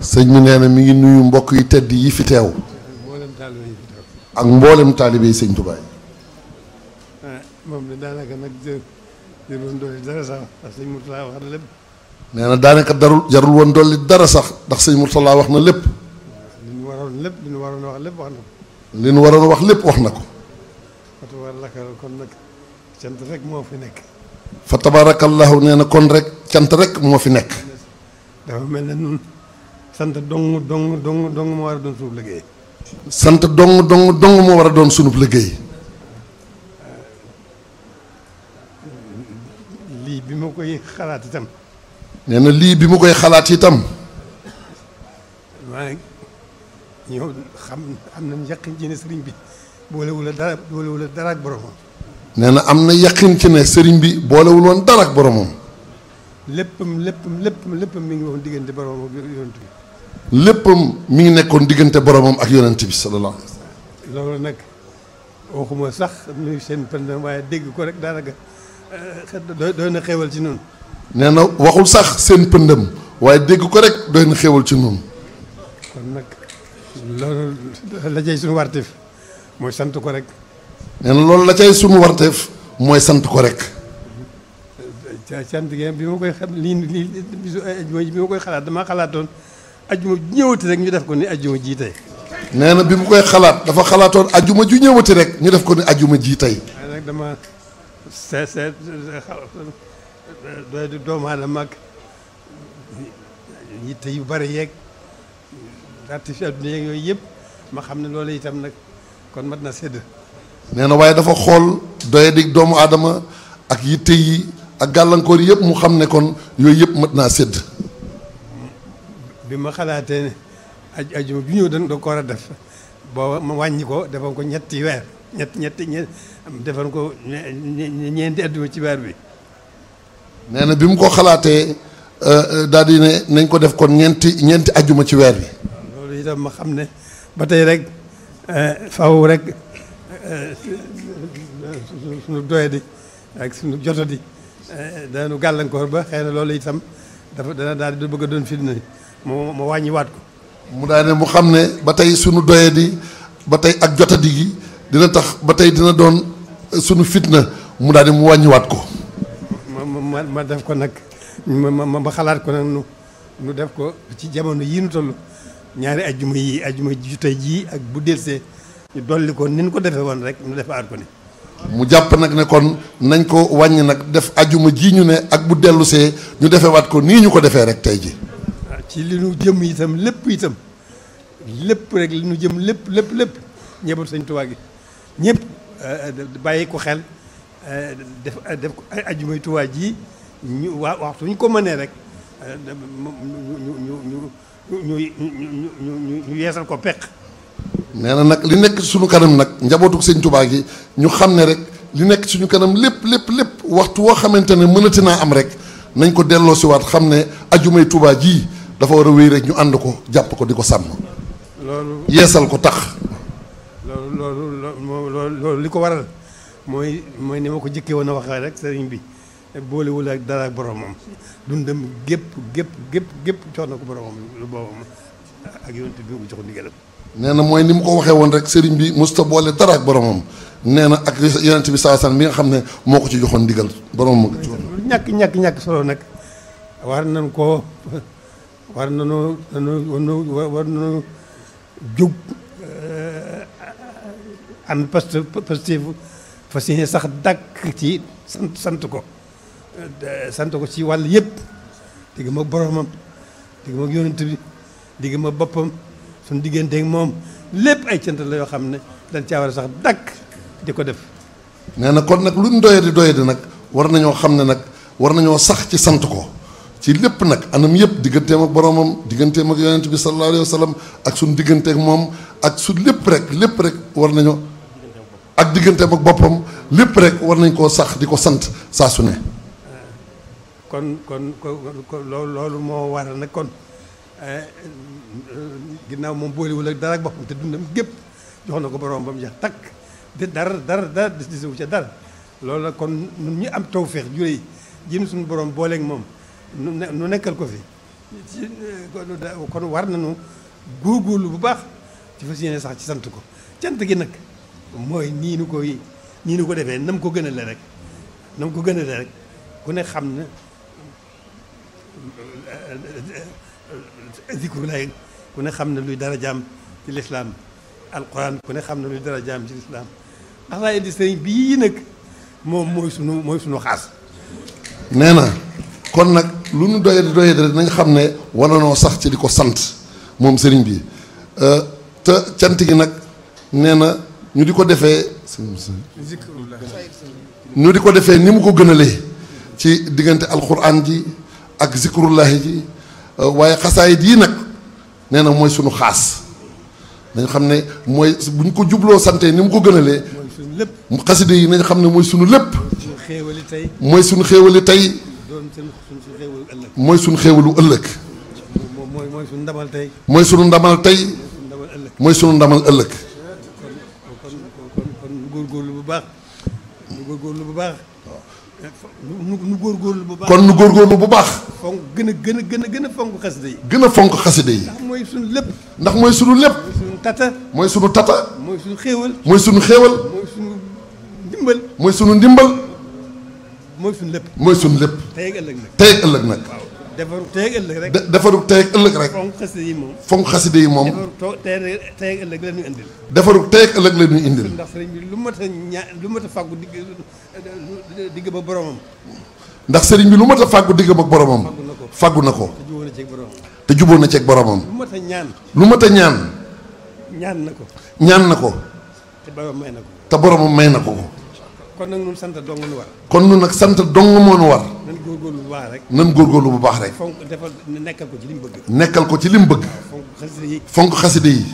sëñ bi nee na mi ngi nuyu mbokk yi tedd yi fi teew. ak mboolem taalibe yi sëñ Tuubaa yi. moom de daanaka nag jarul woon dolli dara sax ndax wax na na daanaka darul jarul woon dolli dara sax ndax sëñ Murtala wax na lépp. li ñu waroon lépp li ñu waroon wax lépp wax na ko. li waroon wax lépp wax na ko. tabaarakallahu kon nag cant rek moo fi nekk. fa tabaarakallahu nee na kon rek cant rek moo fi nekk. dafa mel ne nun sant don dong dong don moo war a liggéey. sant dong dong dong moo war a doon sunub liggéey. lii bi ma koy xalaat itam. nee na lii bi mu koy xalaat itam. waaye ñoo xam am nañ yàqin ci ne sëriñ bi. boolewul a dara boolewul a dara ak boromam. nee na am na yaqin ci ne sëriñ bi boolewuloon woon dara ak boromam. léppam léppam léppam léppam mi ngi woon diggante boromam ak yonent bi. léppam mi ngi nekkoon diggante boromam ak yonent bi sallallahu alayhi loolu nag waxuma sax nuyu seen pëndam waaye dégg ko rek daanaka euh, doy na xéewal ci noonu. nee na waxul sax seen pëndam waaye dégg ko rek doy na xéewal ci noonu. kon nag loolu la jëy suñu wartif mooy sant ko rek. nee na loolu la cay sunu warteef mooy sant ko rek. sant gi bi ma koy xam lii lii bisu eh, koy xalaat dama xalaatoon ajjuma ju ñëwati rek ñu def ko ni ajjuma ji tey. nee na bi mu koy xalaat dafa xalaatoon ajjuma ju ñëwati rek ñu def ko ni ajjuma ji tey. waaye nag dama seet seet doy doomu aadama ak yitte yu bari yeeg artificiel bi yeeg yooyu yëpp ma xam ne loolu itam nag. kon mat na sedd nee na waaye dafa xool doye doomu aadama ak yitte yi ak gàllankoor yëpp mu xam ne kon yooyu yëpp mat naa sédd. bi ma xalaatee ne aju ajuma bi ñëw ko war a def boo wàññi ko defoon ko ñetti weer ñetti ko ñeenti ajuma ci weer bi. nee na bi mu ko xalaatee euh, euh, daal ne nañ ko def kon ñeenti ñeenti ajuma ci weer bi. loolu itam ma xam ne ba tey rek. Eh, faw rek eh, suñu doyadi ak suñu jotadi eh, danañu gàllankoor ba xëy na loolu itam dafa dana daal di bëgg a doon fitna mu mu wàññiwaat ko. mu daa mu xam ne ba tey suñu doyadi ba tey ak jotadi gi dina tax ba tey dina doon suñu fitna mu daa mu wàññiwaat ko. ma ma def ko nag ma ma ma xalaat ko nag nu def ko ci jamono yii nu toll. ñaari ajjuma yi ajjuma ju tey jii ak bu delsee ñu dolli ko ni ñu ko defee woon rek ñu defaat ko ni mu jàpp nag ne kon nañ ko wàññi nag def ajuma ji ñu ne ak bu dellu see ñu defewaat ko nii ñu ko defee rek tey ji ah, ci li nu jëm itam lépp itam lépp rek li nu jëm lépp lépp lépp ñeebal sëñ Tuubaa gi ñëpp eh, bàyyi ko xel eh, def def ajjumay Tuubaa ji ñu wax waxtu ñu ko mënee rek ñu ñu ñu yeesal ko peq. nee na nag li nekk suñu kanam nag njabootuk sëñ Tuubaa gi ñu xam ne rek li nekk suñu kanam lépp lépp lépp waxtu woo xamante ne mënati naa am rek nañ ko delloo si waat xam ne ajumay Tuubaa ji dafa war a wéy rek ñu ànd ko jàpp ko di ko sàmm. loolu yeesal ko tax. loolu loolu loolu li ko waral mooy mooy ni ma ko jëkkee woon a waxee rek sëriñ bi. boolewul ak dara ak boromam dundam gépp gépp gépp gépp jox na ko boromam lu boobam ak yonent bi ko jox ndigalam nee na mooy ni mu ko waxee woon rek sëriñ bi musta boole dara ak boromam nee na ak yonent bi saasan bi nga xam ne moo ko ci joxoon ndigal boromam ñàkk ñàkk ñàkk solo nag war nañ ko war nañu nañu war nañu jóg euh, am past pastif fas yéene sax dàkk ci sant sant ko sant ko ci wàll yëpp digg ma boromam digg ma yonent bi digg ma boppam suñu digganteeg moom lépp ay cant la yoo xam ne dañ caa war a sax dakk di ko def. nee na kon nag lu ñu doyadi doyadi nag war nañoo xam ne nag war nañoo sax ci sant ko ci lépp nag anam yëpp digganteem ak boromam digganteem ak yonent bi sallallahu alayhi wa sallam ak suñu digganteeg moom ak su lépp rek lépp rek war nañoo. ak digganteem ak boppam lépp rek war nañ koo sax di ko sant saa su ne. kon kon loolu loolu moo waral nag kon eh, ginnaaw moom boolewul ak dara ak boppam te dundam gépp jox na ko boroom ba mu jeex takk te dara dar dara des disewu ca dara loolu nag kon ñun ñu am tawféex yi jin suñu borom booleek moom nu nekkal ko fi kon war nañu góorgóorlu bu baax ci fas yéene sax ci sant ko cant gi nag mooy nii nu koy nii nu ko defee nam ko gën a le rek nam ko gën a le rek ku ne xam ne zikru laay ku ne xam na luy dara jaam ci lislaam alquran ku ne xam na luy dara jaam ci lislaam ndax laay di sëriñ bii nag moom mooy sunu mooy sunu xaas nee na kon nag lu nu doyadi doyadi da na xam ne war nanoo sax ci di ko sant moom sëriñ bi euh, te cant gi nag nee na ñu di ko defee ñu di ko defee ni mu ko gënalee ci diggante alquran ji ak zikrullahi ji euh, waaye xasaayit yii nag nee na mooy suñu xaas nañ xam ne mooy bu ñu ko jubloo sante ni mu ko gënalee xaside yi nañ xam ne mooy sunu lépp mooy sunu xéewali tey mooy sunu xéewalu ëllëg mooy sunu ndamal tey mooy sunu ndamal tey mooy sunu ndamal ëllëg kon kon kon bu baax góorgóorlu bu baax nu góorgóorlu bu baax kon nu góorgóorlu bu baax. fonk gën a gën a gën a gën a fonk xasida yi. gën a fonk xasida yi. mooy suñu lépp. ndax mooy sunu lépp. mooy sunu tata. mooy sunu tata. mooy sunu xéewal. mooy suñu xéewal. mooy sunu ndimbal. mooy sunu ndimbal. mooy suñu lépp. mooy sunu lépp. tey ak tey ak ëllëg nag. defaru teeg ëllëg rek. defaru teeg ëllëg rek. fonk xaside yi moom. fonk xaside yi moom. defaru teeg ëllëg la ñuy indil. defaru teeg ëllëg la ñuy indil. ndax sëriñ bi lu mat a ña lu mat a fàggu digg digg ba boromam. ndax sëriñ bi lu mat a fàggu digg ba boromam. fàggu na ko fàggu na ko. te jubóo na ceeg boromam. lu mat a ñaan. lu mat a ñaan. ñaan na ko. ñaan na ko. te boromam may na ko. te boromam may na ko. kon nag ñun sant dong nu war. kon ñun nag sant dong moo nu war. góorgóorlu bu baax rek. bu baax rek. fonk defal nekkal ko ci li mu bëgg. nekkal ko ci li mu bëgg. fonk xaside yi. fonk xaside yi.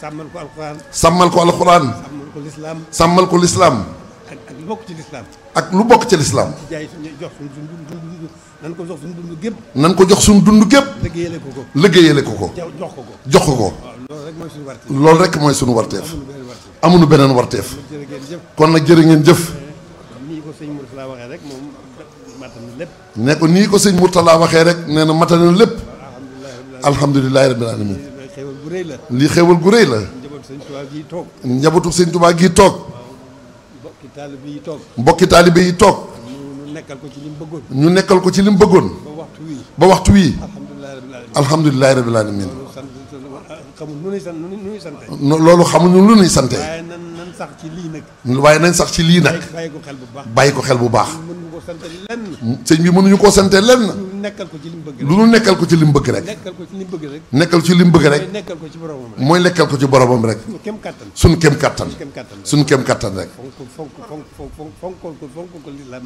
sàmmal ko alxuraan. sàmmal ko alxuraan. sàmmal ko lislaam. ko lislaam. ak ak lu bokk ci lislaam. ak lu bokk ci lislaam. jaay suñu jox suñu dund nan ko jox suñu dund gépp. nan ko jox suñu dund gépp. liggéeyale ko ko. liggéeyale ko ko. jox ko ko. jox ko ko. loolu rek mooy suñu warteef. loolu rek mooy suñu amuñu beneen warteef. kon nag jërë ngeen jëf. ne ko nii ko sëñ Mourtala waxee rek nee na matal na lépp alhamdulilahi rabbil alamin lii xéewal gu rëy la njabootu sëñ Tuubaa gi toog mbokki taalibe yi toog mbokki taalibe yi toog ñu nekkal ko ci li mu bëggoon ñu nekkal ko ci li mu bëggoon ba waxtu wii alhamdulilahi rabbil alamin loolu xamuñu lu nuy sante waaye nañ sax ci lii nag bàyyi xel bu baax bàyyi ko xel bu baax sant lenn. sëñ bi mënuñu koo sante lenn. lu nekkal ko ci li bëgg rek. lu nekkal ko ci li mu bëgg rek. nekkal ko ci li mu bëgg rek. nekkal ci li mu bëgg rek. nekkal ko ci boromam rek. mooy nekkal ko ci boromam rek. suñu kem kattan. suñu kem kattan. suñu kem kattan rek. fonkal ko fonkal ko fonkal ko lislaam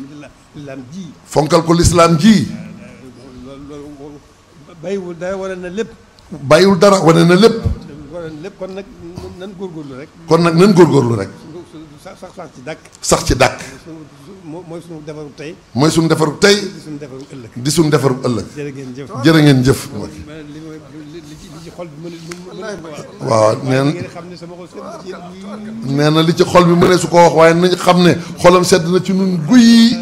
ji. fonkal ko lislaam ji. bàyyiwul dara wane na lépp. bàyyiwul dara wane na lépp. wane lépp kon nag nan góorgóorlu rek. kon nag nan góorgóorlu rek. sax sax ci dàkk. sax ci dàkk. mooy suñu defaru tey. mooy suñu defaru tey. di suñu defaru ëllëg. di suñu defaru ëllëg. jërë ngeen jëf jërë ngeen jëf. waaw nee na nee na li ci xol bi mënee su ko wax waaye nañ xam ne xolam sedd na ci nun guy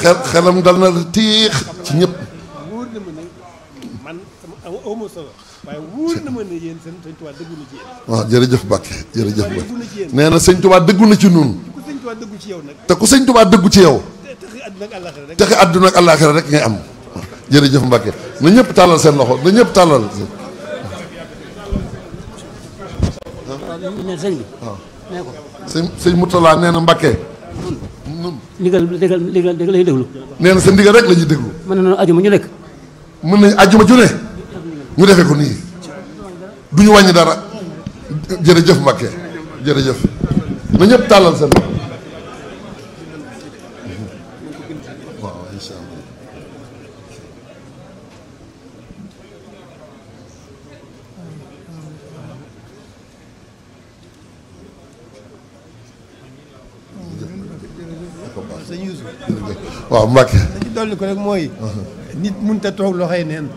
xel xelam dal na tiix ci ñëpp. ma sama waaye wóor na ma ne yéen seen sëñ Tuubaa dëggu na ci yéen waaw jërëjëf Mbàkke jërëjëf Mbàkke nee na sëñ Tuubaa na ci nun ku sëñ Tuubaa dëggu ci yow nag te ku sëñ Tuubaa dëggu ci yow texe àdduna ak àllaaxira rek ngay am jërëjëf Mbàkke na ñëpp tàllal seen loxo na ñëpp tàllal ne sëñ bi waaw nee ko sëñ sëñ Moutala nee na Mbàkke nun ndigal ndigal ndigal lay déglu nee na sa ndigal rek la ñuy déglu mën na noonu ajuma ñu nekk mën nañ ajuma ju ne ñu defee ko nii du ñu wàññi dara jërëjëf Mbacke jërëjëf na ñëpp tàllal seen waaw incha allah waaw Mbacke. li ci dolli ko rek mooy. Uh-huh. nit mënut a neen.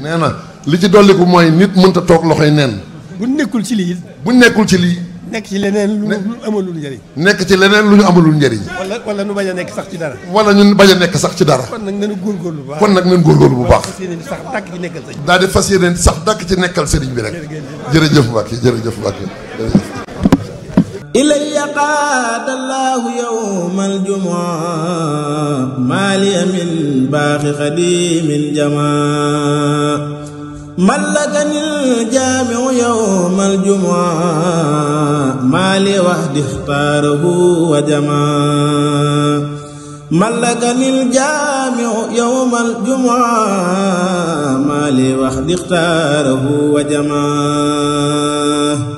nee na. li ci dolliku mooy nit mënta toog loxoy neen. bu nekkul ci lii. bu nekkul ci lii. nekk ci leneen lu ñu amalul njëriñ. nekk ci leneen lu ñu amalul njëriñ. wala wala ñu bañ a nekk sax ci dara. wala ñun bañ a nekk sax ci dara. kon nag nañu góorgóorlu bu baax kon nag nañu góorgóorlu bu baax. sax dàkk ci nekkal sëriñ. daal di fas yéeneen sax dàkk ci nekkal sëriñ bi rek. jërëjëf jërëjëf Mbacke jërëjëf. ilayya qaada allahu yawmal jamaa ملكني الجامع يوم الجمعة ما لي وحدي اختاره وجمع ملكني الجامع يوم الجمعة ما لي وحدي اختاره وجمع